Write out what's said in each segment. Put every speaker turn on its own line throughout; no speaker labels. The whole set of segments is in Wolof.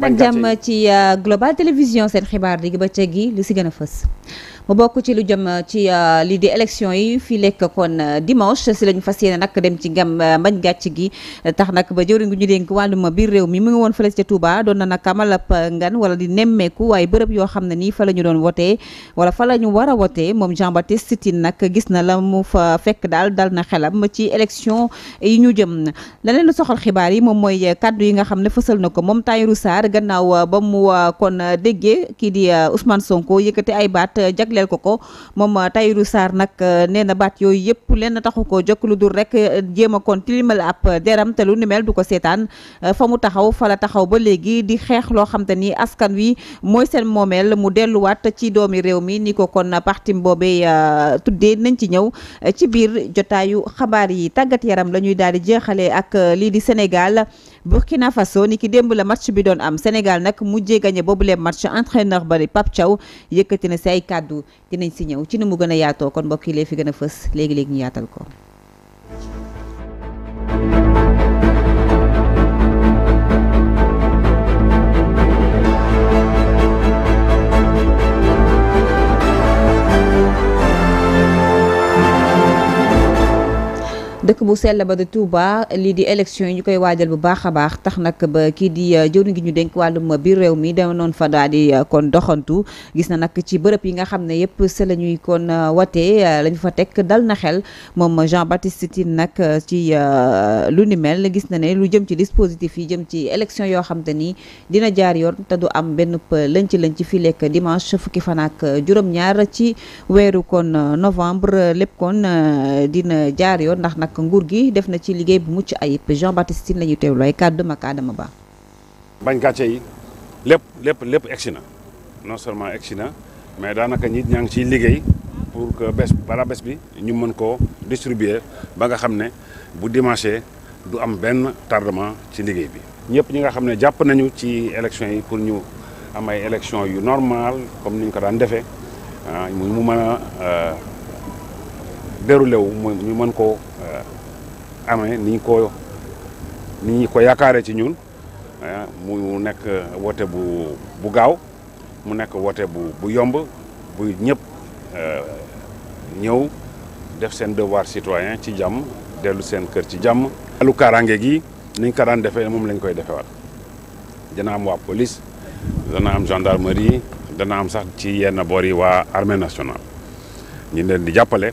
nag jàmm ci euh, Global Télévision seen xibaar digg bëccëg gi li si gën a fës mu bokk ci lu jëm ci euh, lii di élection yi fii lekk kon euh, dimanche si lañu fas yéene nag dem ci gam euh, mbañ gàcc gi tax nag ba jëwriñ gu ñu dénk wàllum biir réew mi mu ngi woon fële ca Touba doon na nag amal ab ngan wala di nemmeeku waaye bërëb yoo xam ne nii fa la ñu doon wote wala fa la ñu war a moom Jean Baptiste Tine nag gis na la mu fa fekk daal dal na xelam ci élection yi ñu jëm leneen lu soxal xibaar yi moom mooy kaddu yi nga xam ne fësal na ko moom Tahirou Sarr gannaaw ba mu kon déggee kii di Ousmane Sonko yëkkati ay baat jagle jagleel ko ko moom euh, Tahirou Sarr nag euh, nee na baat yooyu yëpp lenn taxu koo jokk lu dul rek euh, jéem a kon tilimal ab deram te lu ni mel du ko seetaan fa mu taxaw fa la taxaw ba léegi di xeex loo xam ni askan wi mooy seen moomeel mu delluwaat ci doomi réew mi ni ko kon partim boobee tuddee nañ ci ñëw ci biir jotaayu xabaar yi tàggat yaram la ñuy jeexale ak lii di Sénégal Burkina Faso ni ki démb la match bi doon am Sénégal nag mujjee gagné boobule match entraîneur ba di Pape Thiaw yëkkati na si kàddu dinañ si ñëw ci ni mu gën a yaatoo kon mbokk yi lee fi gën a fës léegi-léegi ñu yaatal ko dëkk bu sell ba di Touba lii di élection yi ñu koy waajal bu baax a baax tax nag ba kii di uh, jëwriñ gi ñu dénk wàllum biir réew mi dama noon fa daal di uh, kon doxantu gis na nag ci bërëb yi nga xam ne yëpp se la ñuy kon uh, watee lañu fa teg dal na xel moom Jean Baptiste Tine nag ci lu ni mel gis na ne lu jëm ci dispositif yi jëm ci élection yoo xam te ni dina jaar yoon te du am benn ci lënc ci fii lekk dimanche fukki fan ak juróom-ñaar ci weeru kon novembre lépp kon dina nguur gi def na ci liggéey bu mucc ayib Jean Baptiste Tine la ñuy teewlu ay kàddu ma kaadama baax
bañ gàcce yi lépp lépp lépp egsi na non seulement egsi na mais daanaka nit ñaa ngi ciy liggéey pour que bés bala bés bi ñu mën koo distribuer ba nga xam ne bu dimanche du am benn tardement ci liggéey bi ñëpp ñi nga xam ne jàpp nañu ci élection yi pour ñu am ay élection yu normal comme ni ñu ko daan defee ah, mu mën a euh, déroulé wu mu ñu mën koo euh, amee ni ko ni ñu ko yaakaaree ci ñun mu nekk woote bu bu gaaw mu nekk woote bu bu yomb bu ñëpp euh, ñëw def seen devoir citoyen ci jàmm dellu seen kër ci jàmm. alu kaaraange gi ni ñu ko daan defee moom lañ koy defewaat dana am waa police dana am gendarmerie dana am sax ci yenn boor yi waa armée nationale ñu leen di jàppale.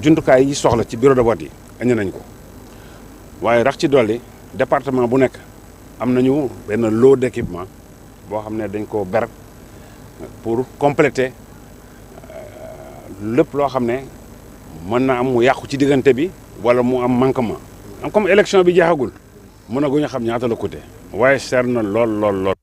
jumtukaay yi soxla ci bureau de vote yi indi nañ ko waaye rax ci dolli département bu nekk am nañu benn lot d'équipement boo xam ne dañ ko ber pour compléter euh, lépp loo xam ne mën na am mu yàqu ci diggante bi wala mu am manquement am comme élection bi jeexagul mën a gu xam ñaata la coûté waaye seer na lool lool lool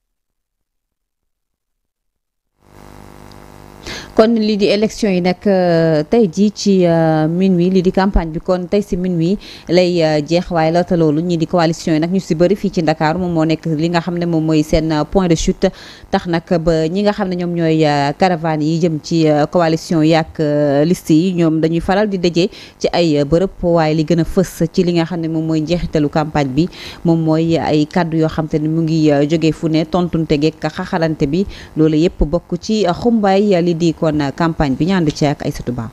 kon lii di élection yi nag euh, tey jii ci euh, minuit lii di campagne bi kon tey si minuit lay euh, jeex waaye laata loolu ñii di coalition yi nag ñu si bari fii ci Ndakaaru moom moo nekk li nga xam ne moom mooy seen point de chute tax nag ba ñi nga xam ne ñoom ñooy caravane yi jëm ci coalition yi list liste yi ñoom dañuy faral di daje ci ay bërëb waaye li gën a fës ci li nga xam ne moom mooy njeexitalu campagne bi moom mooy ay kàddu yoo xam te ne mu ngi jóge fu ne tontunte geeg xaxalante bi loolu yëpp bokk ci xumbaay li di na euh, campagne bi ñaandu ci ak Aïssatou Ba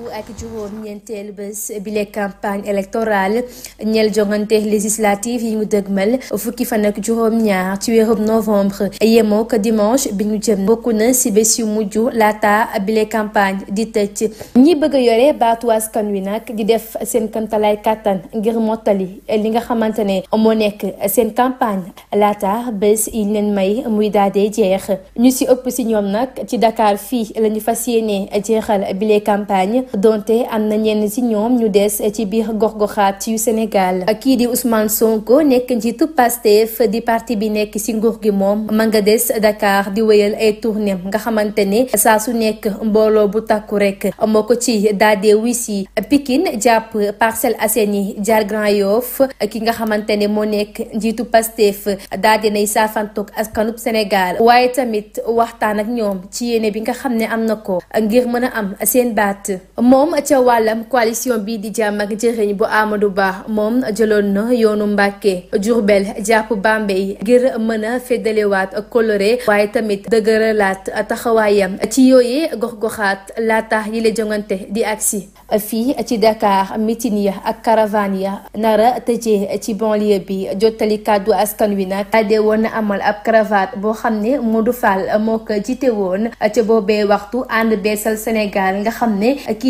fukk ak juróom-ñeenteel bés bile campagne électorale ñeel jongante législative yi ñu dëgmal fukki fan ak juróom-ñaar ci weerub novembre yemoo ko dimanche bi ñu jëm bokk na si bés yu mujj laata bile campagne di tëj ñi bëgg a yore baatu askan wi nag di def seen kantalay kàttan ngir mottali li nga xamante ne moo nekk seen campagne laata bés yi leen may muy daal di jeex ñu si ëpp si ñoom nag ci Dakar fii la fas yéene jeexal bile campagne donte am na ñenn ci ñoom ñu des ci biir gox-goxaat yu Sénégal kii di Ousmane Sonko nekk njiitu Pastef di parti bi nekk ci nguur gi moom ma nga des Dakar di wéyal ay tournée nga xamante ne saa su nekk mbooloo bu takku rek moo ko ci daadee wisi pikin jàpp parcelle Assainies jaar Grand Yoff ki nga xamante ne moo nekk njiitu Pastef daadee nay saafantoog askanub Sénégal waaye tamit waxtaan ak ñoom ci yéene bi nga xam ne am na ko ngir mën a am seen baat mom ci walam coalition bi di jam ak njëriñ bu Amadou Ba mom jëloon na yoonu Mbàkke Jurbel jàpp Bambey ngir meuna fédélé wat coloré waye tamit dëgëralaat taxawayam ci yooyee gox la tax yi le jongante di aksi fi ci Dakar mitinia ak caravane nara tejé ci banlieue bi jotali kàddu askan wi nag tade won amal ab cravate bo xamné Modou Fall moko jité won ci bobé waxtu ànd bessel Sénégal nga xamné ki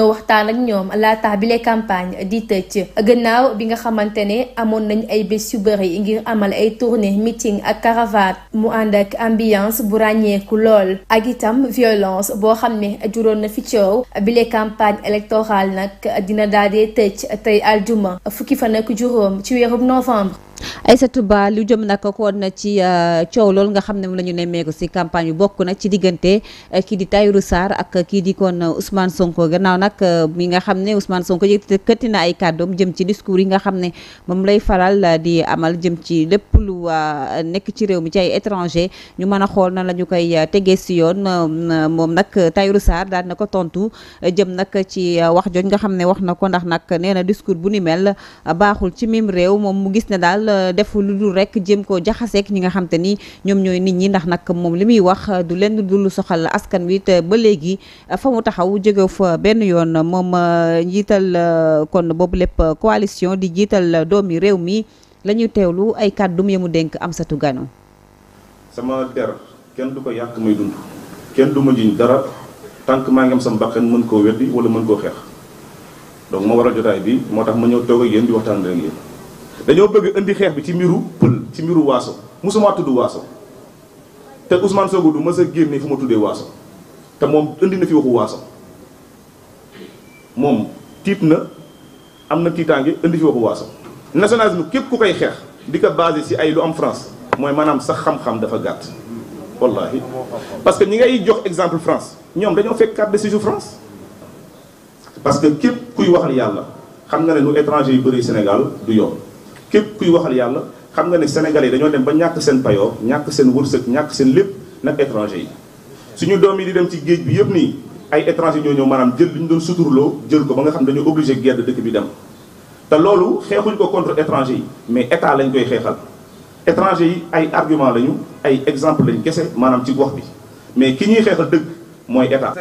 a waxtaan ak ñoom laata bile campagne di tëj gannaaw bi nga xamante ne amoon nañ ay bés yu bëri ngir amal ay tournée meeting ak caravat mu ànd ambiance bu ràññeeku lool ak itam violence boo xam ne juróon na fi coow bile campagne électorale nak dina daal di tëj tey aljuma fukki fan ak juróom ci weerub novembre
Aïssatou Ba lu jëm nag koon ci euh, coow loolu nga xam ne moom la ñu nemmeeku si campagne bokk na ci diggante euh, kii di Tahirou Sarr ak kii di kon euh, Ousmane Sonko gannaaw nag mi nga xam ne Ousmane Sonko yëkkati na ay kàddoom jëm ci discours yi nga xam ne moom lay faral di amal jëm ci lépp lu nekk ci réew mi ci ay étranger ñu mën a xool na la ñu koy tegee si yoon moom nag Tahirou Sarr daal na ko tontu jëm nag ci wax jooju nga xam ne wax na ko ndax nag nee na discours bu ni mel baaxul ci mim réew moom mu gis ne daal def lu dul rek jéem koo jaxaseek ñi nga xam te ni ñoom ñooy nit ñi ndax nak moom limi muy wax euh, du leen dul soxal askan wi te ba léegi euh, fa mu taxaw jóge fa benn yoon euh, moom njiital kon boobu lépp coalition di jiital doomi réew mi la ñu teewlu ay kàddum yamu dénk am satu ganu
sama der kenn du ko yàq may dund kenn du ma jiñ dara tànk maa ngi am sama bakkan mën koo weddi wala mën koo xeex donc moo waral jotaay bi moo tax ma ñëw toog ak di waxtaan ak yéen dañoo bëgg indi xeex bi ci miru pël ci miru waaso mosuma tudd waaso te Ousmane Sonko du mës a génne fu ma tuddee waaso te moom indi na fi waxu waaso moom tiit na am na tiitaange indi fi waxu waaso nationalisme képp ku koy xeex di ko basé si ay lu am France mooy maanaam sax xam-xam dafa gàtt wallahi parce que ñi ngay jox exemple France ñoom dañoo fekk carte de séjour France parce que képp kuy waxal yàlla xam nga ne lu étranger yu bëri Sénégal du yoon képp kuy waxal yàlla xam nga ne sénégalais yi dañoo dem ba ñàkk seen payoor ñàkk seen wërsëg ñàkk seen lépp nag étranger yi suñu doom yi di dem ci géej bi yëpp nii ay étranger ñoo ñëw maanaam jël li ñu doon suturloo jël ko ba nga xam dañoo obligé guerre dëkk bi dem te loolu xeexuñ ko contre étranger yi mais état lañ koy xeexal étranger yi ay argument lañu ay exemple lañ kese maanaam ci wax bi mais ki ñuy xeexal dëgg mooy état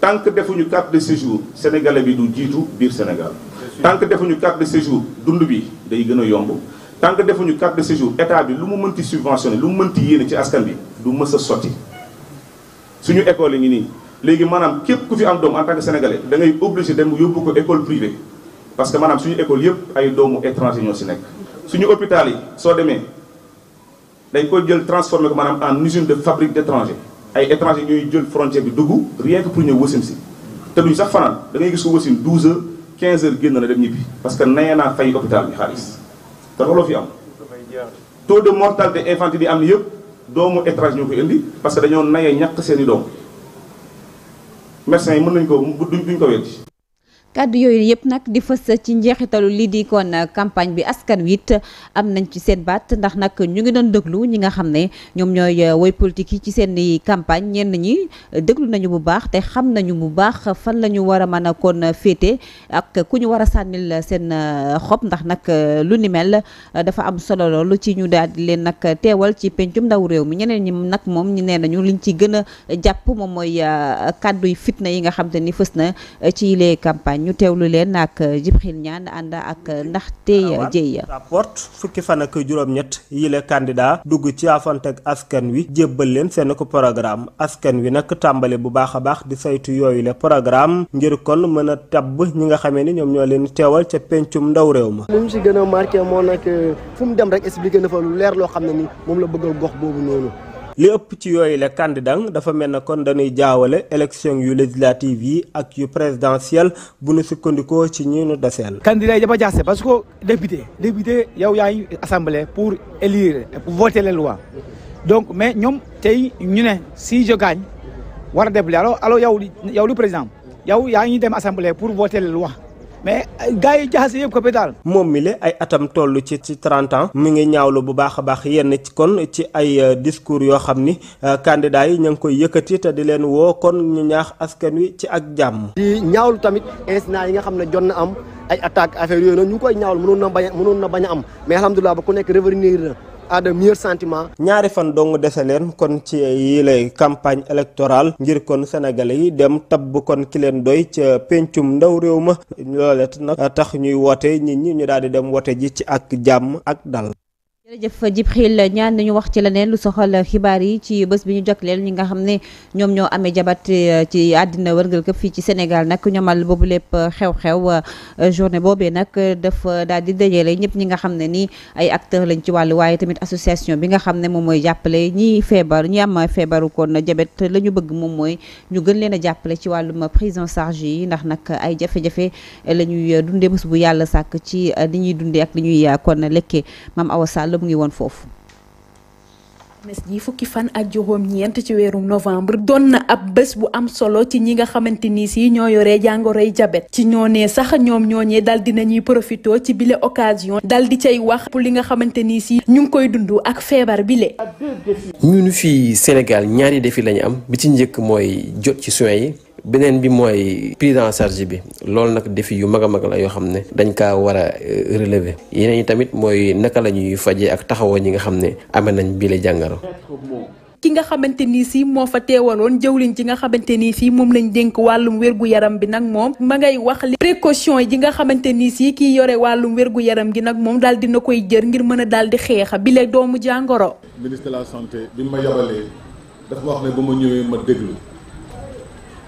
tant que defuñu carte de séjour sénégalais bi du Sénégal tant que defuñu carte de séjour dund bi day yomb tant que defuñu carte de séjour état bi lu mu mënti lu mu mënti ci askan bi du école ngi en tant que sénégalais da ngay obligé dem yóbbu école privée parce que maanaam suñu école yëpp ay doomu étranger ñoo si nekk suñu hôpital yi soo demee dañ transformer en usine de fabrique d'étrangers. ay étranger ñooy jël frontière bi dugg rien que pour ñëw wasin si te duñ sax fanaan da ngay gis ko wasin 12 heures 15 heures génn na dem ñibbi parce que nayee naa fay hôpital bi xaalis te looloo fi am taux de mortalité infantile bi am ni yëpp doomu étranger ñoo koy indi parce que dañoo nayee ñàkk seeni doom médecins yi mën nañ ko duñ ko weddi
kàddu yooyu yëpp nag di fës ci njeexitalu lii di kon campagne bi askan wi am nañ ci seen baat ndax nag ñu ngi doon déglu ñi nga xam ne ñoom ñooy woy politique yi ci seen campagne ñenn ñi déglu nañu bu baax te xam nañu bu baax fan la ñu war a mën a kon féete ak ku ñu war a sànnil seen xob ndax nag lu ni mel dafa am solo loolu ci ñu daal leen nag teewal ci pencum ndaw réew mi ñeneen ñi nag moom ñu nee nañu liñ ci gën a jàpp moom mooy kàdduy fitna yi nga xam te ni fës na ci les campagnes ñu teewlu leen ak euh, Djibril ñaan ànd ak euh, ndaxte euh, jéy rapport
fukki fan ak juróom-ñett yi la dugg ci afantek askan wi jébbal leen seen ko programme askan wi nag tàmbale bu baax a baax di saytu yooyu la programme ngir kon mën a tabb ñi nga xamee ni ñoom ñoo leen teewal ca pencum ndaw réew ma li mu si gën a moo nag fu mu dem rek expliqué na fa lu leer loo xam ne ni moom la bëggal gox boobu noonu li ëpp ci yooyu la candidat dafa mel ne kon dañuy jaawale élection yu législative yi ak yu présidentielle bu nu sukkandikoo ci ñi nu deseel. candidat yi dafa jaase parce que député député yow yaa ngi assemblée pour élire pour voter les lois donc mais ñoom tey ñu ne si je gagne war a def alors alors yow yow lu président yow yaa ngi dem assemblée pour voter les lois. mais gars yi jaxase yëpp capital moom mi ay atam toll ci ci 30 ans mi ngi ñaawlu bu baax a baax yenn ci kon ci ay euh, discours yoo xam ni euh, candidat yi ña ngi koy yëkkati te di leen woo kon ñu ñaax askan wi ci ak jàmm. di ñaawlu tamit incident yi nga xam ne jot na am ay attaques affaire yooyu noonu ñu koy ñaawlu mënoon na bañ a mënoon na bañ am mais alhamdulilah ba ku nekk revenir na. à de meilleurs sentiments. ñaari fan dong dese leen kon ci yi lay campagne électorale ngir kon sénégalais yi dem tabb kon ki leen doy ca pencum ndaw réew ma loolet nag tax ñuy woote nit ñi ñu daal di dem woote ji ci ak jàmm ak dal.
jërëjëf Djibril ñaan nañu wax ci leneen lu soxal xibaar yi ci bés bi ñu jagleel ñi nga xam ne ñoom ñoo amee jabat eh, ci àddina wërngal këpp fii ci Sénégal nag ñoomal boobu lépp xew-xew eh, journée boobee nag dafa daal di dajale ñëpp ñi nga xam ne nii ay acteurs lañ ci wàllu waaye tamit association bi nga xam ne moom mooy jàppale ñi feebar ñi am feebaru kon jabet la ñu bëgg moom mooy ñu gën leen a jàppale ci wàllum prise en charge yi ndax nag ay jafe-jafe la ñuy dundee bés bu yàlla sàkk ci li eh, ñuy dundee ak li ñuy kon lekkee Mame Awa la mu ngi woon foofu.
mes ji fukki fan ak juróom ñeent ci weerum novembre doon na ab bés bu am solo ci ñi nga xamante ni si ñoo yoree jàngoroy jabet ci ñoo nee sax ñoom ñooñee dal dina ñuy profito ci bile occasion dal di cay wax pour li nga xamante ni si ñu ngi koy dund ak feebar bile.
ñun fii Sénégal ñaari defi lañu am bi ci njëkk mooy jot ci soins yi. beneen bi mooy prise en charge bi loolu nag défi yu mag a mag la yoo xam ne dañ kaa war a euh, relever yeneen yi tamit mooy naka la ñuy fajee ak taxawoo ñi nga xam ne amee nañ bile jàngaro
ki nga xamante ni si moo fa teewaloon jëwliñ ji nga xamante ni si moom lañ dénk wàllum wérgu yaram bi nag moom ma ngay wax li précaution yi nga xamante ni si kii yore wàllum wérgu yaram gi nag moom daal dina koy jër ngir mën a daal di xeexa bile doomu jàngoro.
la santé bi ma yabalee dafa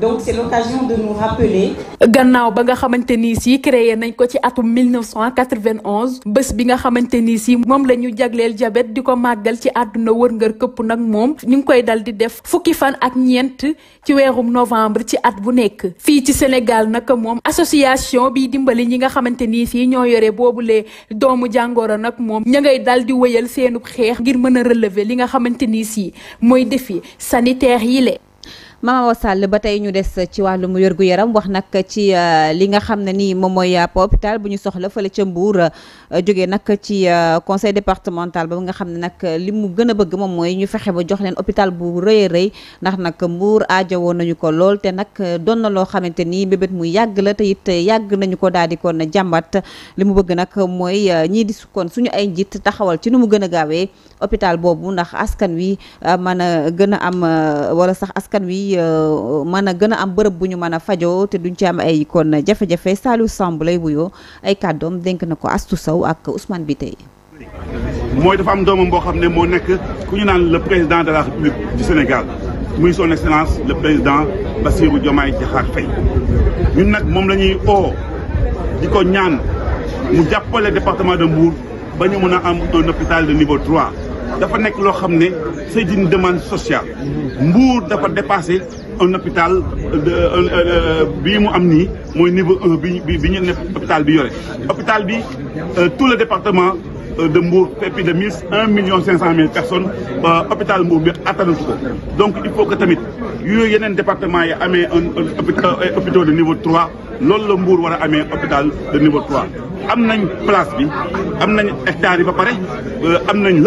donc c'est l'occasion de nous rappeler.
gannaaw ba nga xamante ni si créé nañ ko ci atum 1991 bés bi nga xamante ni si moom lañu ñu jagleel diabète di ko màggal ci àdduna wërngër këpp nag moom ñu ngi koy dal def fukki fan ak ñent ci weerum novembre ci at bu nekk. fii ci Sénégal nag moom association bi dimbali ñi nga xamante ni si ñoo yore boobule doomu jangoro nag moom ña ngay dal di wëyal seenub xeex ngir mën a relever li nga xamante si mooy défi sanitaire
yi le Mama Awa Sall ba tey ñu des ci wàllum wérgu yaram wax nag ci euh, li nga xam ne nii moom mooy ab euh, hôpital bu ñu soxla fële ca Mbour euh, jóge nag ci conseil départemental ba nga xam ne nag li mu gën a bëgg moom mooy ñu fexe ba jox leen hôpital bu rëy a ndax nag Mbour aajowoon nañu ko lool te nag doon na loo xamante ni bébét mu yàgg la te it yàgg nañu ko daal di kon jàmbat li mu bëgg nag mooy ñii di kon suñu ay njiit taxawal ci nu mu gën a gaawee hôpital boobu ndax askan wi mën a gën a am wala sax askan wi. yi euh, mën a gën a am bërëb bu ñu mën a fajoo te duñ ci am ay kon jafe-jafe Saliou Samb lay wuyoo ay kàddoom dénk na ko Astou Sow ak bi Biteye
mooy dafa am doomam boo xam ne moo nekk ku ñu naan le président de la République du Sénégal muy son excellence le président Bassirou Diomaye Diakhar Faye ñun nag moom la ñuy oo di ko ñaan mu jàppale département de Mbour ba ñu mën a am un hôpital de niveau 3 nek lo xamné c'est une demande sociale mbour dafa dépasser un hôpital bi est am ni moy niveau 1 bi hôpital bi hôpital bi euh, tout le département euh, de Mbour, pépi de 1 million 500 000 personnes, l'hôpital hôpital Mbour, bien Donc il faut que Tamit, il y euh, a un département qui a un hôpital de niveau 3, l'autre Mbour a un hôpital de niveau 3. Il y a une place, il y a un hectare, il y a un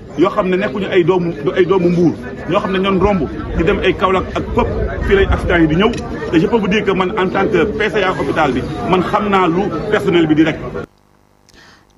yoo xam ne nekkuñu ay doomu ay doomu mbuur ñoo xam ne ñoon romb di dem ay Kaolack ak pëpp fii lay accident yi di ñëw te je peux vous dire que man en tant que bi man xam naa lu personel bi di rek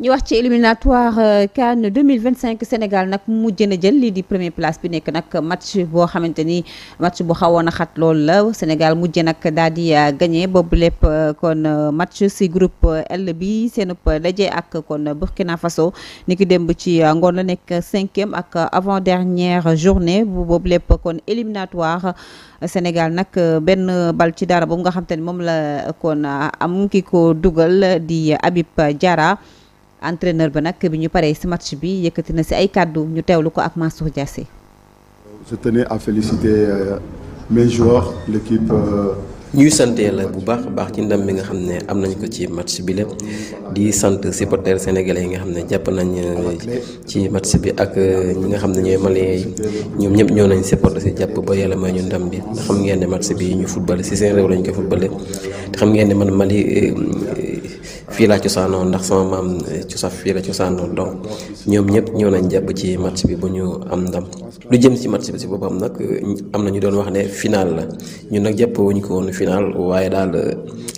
ñu wax ci éliminatoire euh, vingt cinq Sénégal nag mu mujj na jël lii di première place bi nekk nag match boo xamante ni match bu xawoon a xat loolu la Sénégal mujj nag daal di euh, gagné boobu lépp euh, kon match ci groupe L bi seenub daje ak kon Burkina Faso ni ki démb ci ngoon la nekk cinquième ak avant dernière journée bu boobu lépp kon éliminatoire Sénégal nag benn bal ci dara boobu nga xamante ni moom la kon am ki ko dugal di abib jara entraîneur ba nag bi parei semat si match bi yëkkati na ay kàddu ñu teewlu ko ak Mansour Diassé.
Je tenais à féliciter euh, mes joueurs, l'équipe euh, ñuy sant yàlla bu baax baax ci ndam nga am nañ ko ci match bi di sant supporters sénégalais yi nga xam ne nañ euh, ci match bi ak ñi nga xam ne ñooy maliens yi ñoo nañ supporter si jàpp ba yàlla may ñu ndam bi xam ngeen ne match bi ñu football seen lañ ko footballé xam ngeen man Mali fii laa cosaanoo ndax sama maam eh, cosa fii la cosaanoo donc ñoom ñëpp ñëw nañ jàpp ci match bi bu ñu am ndam lu jëm ci match bi si boppam nag eh, am na ñu doon wax ne final la ñun nag jàpp wuñ ko woon final waaye daal eh,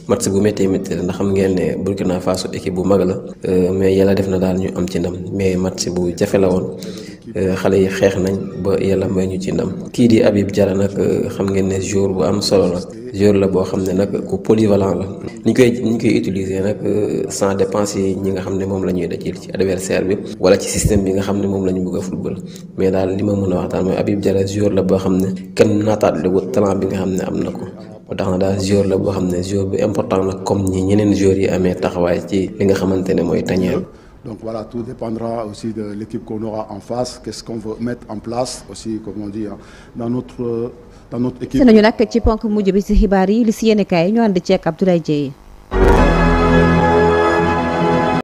match bu méttee la ndax xam ngeen ne Burkina Faso équipe bu mag la mais yàlla def na daal ñu am ci ndam mais match bu jafe la woon Euh, xale yi xeex nañ ba yàlla may ñu ci ndam kii di Habib Diarra nag euh, xam ngeen ne jour bu am solo la jour la boo xam ne nag ku polyvalent la ni koy ni koy utiliser nag euh, sans dépense yi ñi nga xam ne moom la ñuy dajil ci adversaire bi wala ci système bi nga xam ne moom la ñu bëgg a football mais daal li ma mën a waxtaan mooy Habib jara jour la boo xam ne kenn naataat la talent bi nga xam ne am na ko moo tax na daal joueur la boo xam ne joueur bu important la comme ñi ñeneen joueurs yi amee taxawaay ci li nga xamante ne mooy tañeer
Donc voilà, tout dépendra aussi de l'équipe qu'on aura en face, qu'est-ce qu'on veut mettre en place aussi, comme on dit, hein, dans notre, dans notre
équipe.